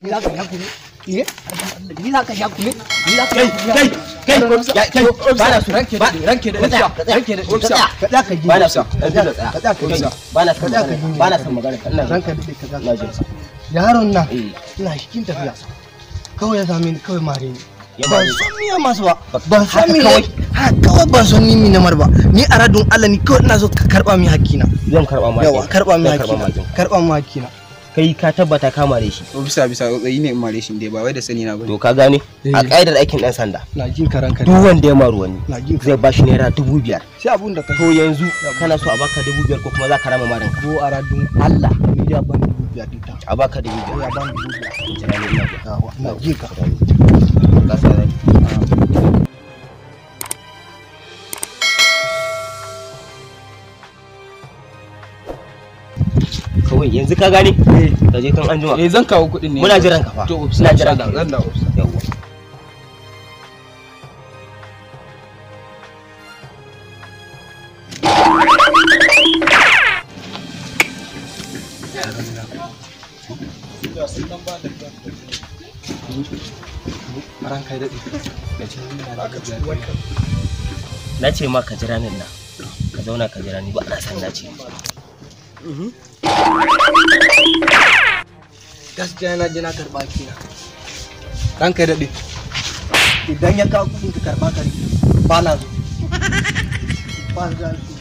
ni eh? kai kai kai ranke da ka ka ka ka ka yaron nan eh. ina cikin tafiya kawai ya same ni kawai mare ni ban san miya masu ba ban san miya kawai ban san ni namar ba ni a radun Allah ni kawai ina so ka karba mi hakina zan karba mi hakina karba mi hakina kai ka tabbata ka mare shi bisa bisa tsayi ne in mare shi dai ba wai da sani na ba to ka gane a kaidar eh. aikin ɗan sanda lajin karanka duk wanda ya maru wani zai ba shi naira dubu biyar sai abun da ka to yanzu kana so a baka dubu biyar ko kuma za ka rama marin ko a radun Allah ni da ban dubu biyar din ta a baka dubu ya ban dubu biyar na ji ka ka kawai yanzu ka gane eh. ka je tun anjima eh zan kawo kuɗin ne muna jiran ka fa to ina jiran ka zan dawo na ce ma ka jira nan na ka zauna ka jira ni ba ana san na ce gaskiya na je na karba kina dan kai daɗe idan ya kawo kuɗin ka karba kari ba na zo ba